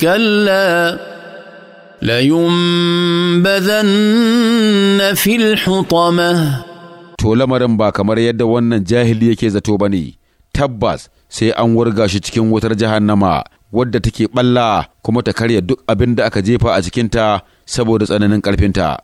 كلا لينبذن في الحطمة To lamarin ba kamar yadda wannan jahili yake zato ba ne, tabbas sai an wurga shi cikin wutar jahannama wadda take ɓalla kuma ta karya duk abin da aka jefa a cikinta saboda tsananin ƙarfinta.